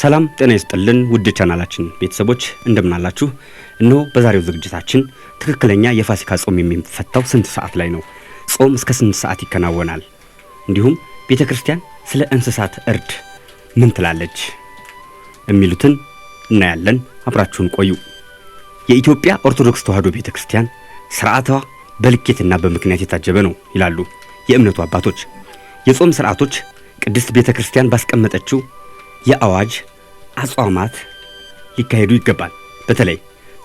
ሰላም ጤና ይስጥልን ውድ ቻናላችን ቤተሰቦች እንደምናላችሁ። እነሆ በዛሬው ዝግጅታችን ትክክለኛ የፋሲካ ጾም የሚፈታው ስንት ሰዓት ላይ ነው? ጾም እስከ ስንት ሰዓት ይከናወናል? እንዲሁም ቤተ ክርስቲያን ስለ እንስሳት እርድ ምን ትላለች? የሚሉትን እናያለን። አብራችሁን ቆዩ። የኢትዮጵያ ኦርቶዶክስ ተዋሕዶ ቤተ ክርስቲያን ስርዓቷ በልኬትና በምክንያት የታጀበ ነው ይላሉ የእምነቱ አባቶች። የጾም ስርዓቶች ቅድስት ቤተ ክርስቲያን ባስቀመጠችው የአዋጅ አጽዋማት ሊካሄዱ ይገባል። በተለይ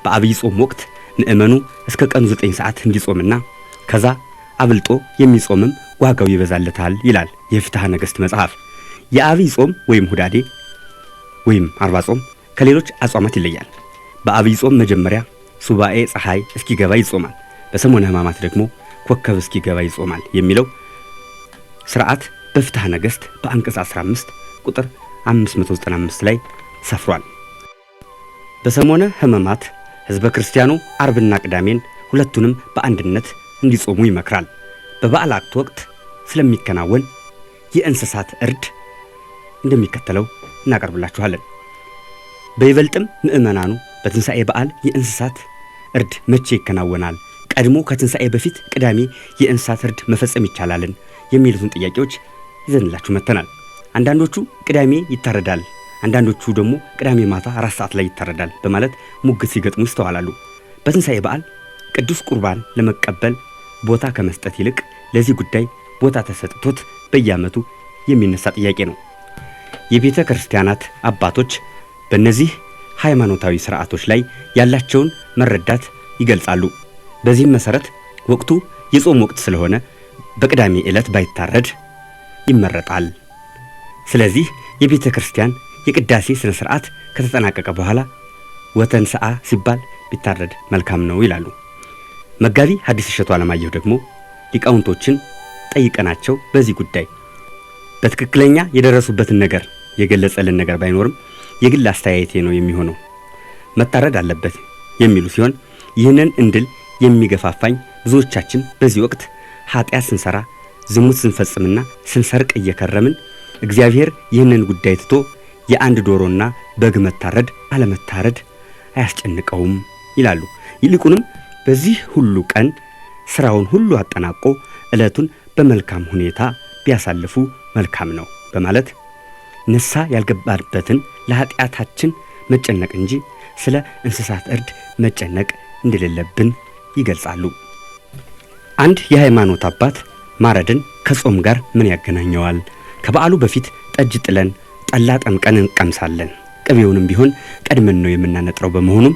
በአብይ ጾም ወቅት ምእመኑ እስከ ቀኑ ዘጠኝ ሰዓት እንዲጾምና ከዛ አብልጦ የሚጾምም ዋጋው ይበዛለታል ይላል የፍትሐ ነገሥት መጽሐፍ። የአብይ ጾም ወይም ሁዳዴ ወይም አርባ ጾም ከሌሎች አጽዋማት ይለያል። በአብይ ጾም መጀመሪያ ሱባኤ ፀሐይ እስኪገባ ይጾማል። በሰሞነ ሕማማት ደግሞ ኮከብ እስኪገባ ይጾማል የሚለው ስርዓት በፍትሐ ነገሥት በአንቀጽ 15 ቁጥር 595 ላይ ሰፍሯል። በሰሞነ ሕማማት ሕዝበ ክርስቲያኑ አርብና ቅዳሜን ሁለቱንም በአንድነት እንዲጾሙ ይመክራል። በበዓል ወቅት ስለሚከናወን የእንስሳት እርድ እንደሚከተለው እናቀርብላችኋለን። በይበልጥም ምእመናኑ በትንሣኤ በዓል የእንስሳት እርድ መቼ ይከናወናል? ቀድሞ ከትንሣኤ በፊት ቅዳሜ የእንስሳት እርድ መፈጸም ይቻላልን? የሚሉትን ጥያቄዎች ይዘንላችሁ መጥተናል። አንዳንዶቹ ቅዳሜ ይታረዳል፣ አንዳንዶቹ ደግሞ ቅዳሜ ማታ አራት ሰዓት ላይ ይታረዳል በማለት ሙግት ሲገጥሙ ይስተዋላሉ። በትንሣኤ በዓል ቅዱስ ቁርባን ለመቀበል ቦታ ከመስጠት ይልቅ ለዚህ ጉዳይ ቦታ ተሰጥቶት በየዓመቱ የሚነሳ ጥያቄ ነው። የቤተ ክርስቲያናት አባቶች በእነዚህ ሃይማኖታዊ ስርዓቶች ላይ ያላቸውን መረዳት ይገልጻሉ። በዚህም መሰረት ወቅቱ የጾም ወቅት ስለሆነ በቅዳሜ ዕለት ባይታረድ ይመረጣል ስለዚህ የቤተ ክርስቲያን የቅዳሴ ስነ ስርዓት ከተጠናቀቀ በኋላ ወተን ሰዓ ሲባል ቢታረድ መልካም ነው ይላሉ። መጋቢ ሐዲስ እሸቱ አለማየሁ ደግሞ ሊቃውንቶችን ጠይቀናቸው በዚህ ጉዳይ በትክክለኛ የደረሱበትን ነገር የገለጸልን ነገር ባይኖርም የግል አስተያየቴ ነው የሚሆነው መታረድ አለበት የሚሉ ሲሆን ይህንን እንድል የሚገፋፋኝ ብዙዎቻችን በዚህ ወቅት ኃጢአት ስንሰራ ዝሙት ስንፈጽምና ስንሰርቅ እየከረምን እግዚአብሔር ይህንን ጉዳይ ትቶ የአንድ ዶሮና በግ መታረድ አለመታረድ አያስጨንቀውም ይላሉ። ይልቁንም በዚህ ሁሉ ቀን ስራውን ሁሉ አጠናቆ ዕለቱን በመልካም ሁኔታ ቢያሳልፉ መልካም ነው በማለት ንሳ ያልገባንበትን ለኃጢአታችን መጨነቅ እንጂ ስለ እንስሳት እርድ መጨነቅ እንደሌለብን ይገልጻሉ። አንድ የሃይማኖት አባት ማረድን ከጾም ጋር ምን ያገናኘዋል ከበዓሉ በፊት ጠጅ ጥለን ጠላ ጠምቀን እንቀምሳለን። ቅቤውንም ቢሆን ቀድመን ነው የምናነጥረው። በመሆኑም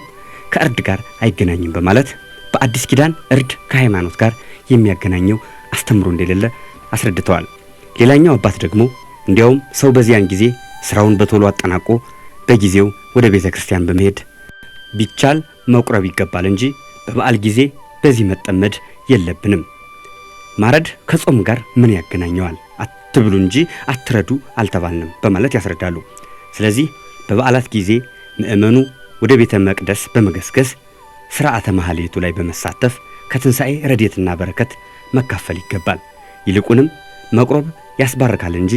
ከእርድ ጋር አይገናኝም በማለት በአዲስ ኪዳን እርድ ከሃይማኖት ጋር የሚያገናኘው አስተምሮ እንደሌለ አስረድተዋል። ሌላኛው አባት ደግሞ እንዲያውም ሰው በዚያን ጊዜ ስራውን በቶሎ አጠናቆ በጊዜው ወደ ቤተ ክርስቲያን በመሄድ ቢቻል መቁረብ ይገባል እንጂ በበዓል ጊዜ በዚህ መጠመድ የለብንም። ማረድ ከጾም ጋር ምን ያገናኘዋል? አትብሉ እንጂ አትረዱ አልተባልንም በማለት ያስረዳሉ። ስለዚህ በበዓላት ጊዜ ምእመኑ ወደ ቤተ መቅደስ በመገስገስ ሥርዓተ ማህሌቱ ላይ በመሳተፍ ከትንሣኤ ረዴትና በረከት መካፈል ይገባል። ይልቁንም መቁረብ ያስባርካል እንጂ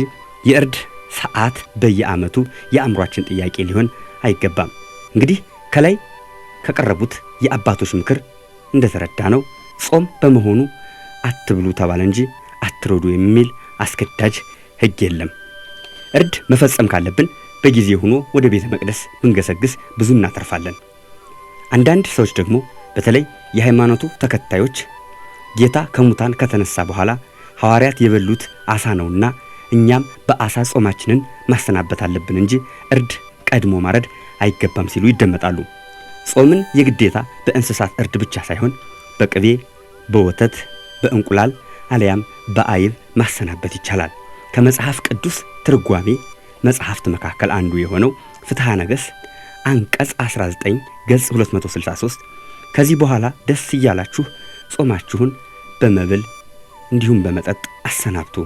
የእርድ ሰዓት በየዓመቱ የአእምሯችን ጥያቄ ሊሆን አይገባም። እንግዲህ ከላይ ከቀረቡት የአባቶች ምክር እንደተረዳ ነው ጾም በመሆኑ አትብሉ ተባለ እንጂ አትረዱ የሚል አስገዳጅ ሕግ የለም። እርድ መፈጸም ካለብን በጊዜ ሆኖ ወደ ቤተ መቅደስ ብንገሰግስ ብዙ እናተርፋለን። አንዳንድ ሰዎች ደግሞ በተለይ የሃይማኖቱ ተከታዮች ጌታ ከሙታን ከተነሳ በኋላ ሐዋርያት የበሉት አሳ ነውና እኛም በአሳ ጾማችንን ማሰናበት አለብን እንጂ እርድ ቀድሞ ማረድ አይገባም ሲሉ ይደመጣሉ። ጾምን የግዴታ በእንስሳት እርድ ብቻ ሳይሆን በቅቤ፣ በወተት፣ በእንቁላል አሊያም በአይብ ማሰናበት ይቻላል። ከመጽሐፍ ቅዱስ ትርጓሜ መጽሐፍት መካከል አንዱ የሆነው ፍትሐ ነገሥት አንቀጽ 19 ገጽ 263 ከዚህ በኋላ ደስ እያላችሁ ጾማችሁን በመብል እንዲሁም በመጠጥ አሰናብቱ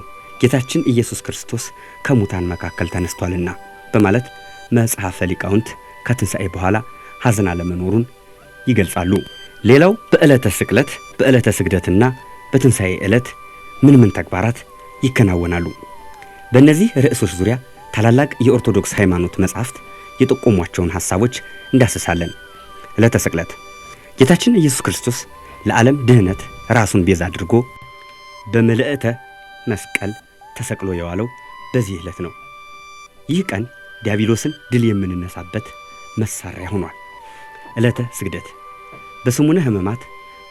ጌታችን ኢየሱስ ክርስቶስ ከሙታን መካከል ተነስቷልና በማለት መጽሐፈ ሊቃውንት ከትንሣኤ በኋላ ሐዘን አለመኖሩን ይገልጻሉ። ሌላው በዕለተ ስቅለት በዕለተ ስግደትና በትንሣኤ ዕለት ምን ምን ተግባራት ይከናወናሉ? በእነዚህ ርዕሶች ዙሪያ ታላላቅ የኦርቶዶክስ ሃይማኖት መጻሕፍት የጠቆሟቸውን ሐሳቦች እንዳስሳለን። ዕለተ ስቅለት ጌታችን ኢየሱስ ክርስቶስ ለዓለም ድህነት ራሱን ቤዛ አድርጎ በመልዕተ መስቀል ተሰቅሎ የዋለው በዚህ ዕለት ነው። ይህ ቀን ዲያብሎስን ድል የምንነሳበት መሳሪያ ሆኗል። ዕለተ ስግደት በስሙነ ሕማማት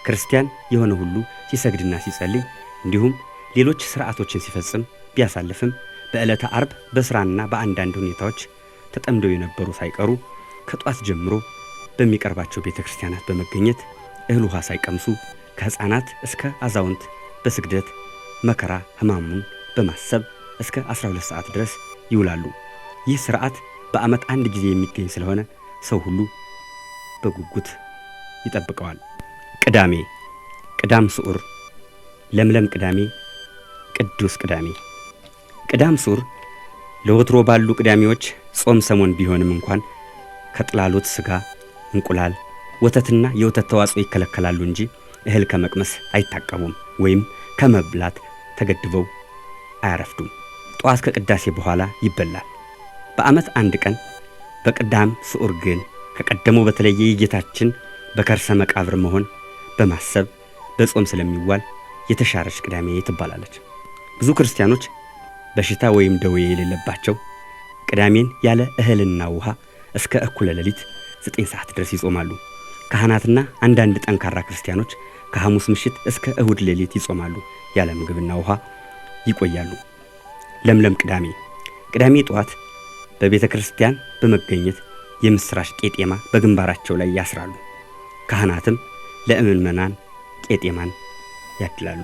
ክርስቲያን የሆነ ሁሉ ሲሰግድና ሲጸልይ እንዲሁም ሌሎች ሥርዓቶችን ሲፈጽም ቢያሳልፍም በዕለተ አርብ በሥራና በአንዳንድ ሁኔታዎች ተጠምደው የነበሩ ሳይቀሩ ከጧት ጀምሮ በሚቀርባቸው ቤተ ክርስቲያናት በመገኘት እህል ውሃ ሳይቀምሱ ከሕፃናት እስከ አዛውንት በስግደት መከራ ሕማሙን በማሰብ እስከ 12 ሰዓት ድረስ ይውላሉ። ይህ ሥርዓት በዓመት አንድ ጊዜ የሚገኝ ስለሆነ ሰው ሁሉ በጉጉት ይጠብቀዋል። ቅዳሜ ቅዳም ስዑር፣ ለምለም ቅዳሜ፣ ቅዱስ ቅዳሜ። ቅዳም ስዑር ለወትሮ ባሉ ቅዳሜዎች ጾም ሰሞን ቢሆንም እንኳን ከጥላሎት ስጋ፣ እንቁላል፣ ወተትና የወተት ተዋጽኦ ይከለከላሉ እንጂ እህል ከመቅመስ አይታቀቡም ወይም ከመብላት ተገድበው አያረፍዱም። ጠዋት ከቅዳሴ በኋላ ይበላል። በዓመት አንድ ቀን በቅዳም ስዑር ግን ከቀደመው በተለየ የጌታችን በከርሰ መቃብር መሆን በማሰብ በጾም ስለሚዋል የተሻረች ቅዳሜ ትባላለች። ብዙ ክርስቲያኖች በሽታ ወይም ደዌ የሌለባቸው ቅዳሜን ያለ እህልና ውሃ እስከ እኩለ ሌሊት ዘጠኝ ሰዓት ድረስ ይጾማሉ። ካህናትና አንዳንድ ጠንካራ ክርስቲያኖች ከሐሙስ ምሽት እስከ እሁድ ሌሊት ይጾማሉ። ያለ ምግብና ውሃ ይቆያሉ። ለምለም ቅዳሜ ቅዳሜ ጠዋት በቤተ ክርስቲያን በመገኘት የምሥራች ቄጤማ በግንባራቸው ላይ ያስራሉ። ካህናትም ለምእመናን ቄጤማን ያድላሉ።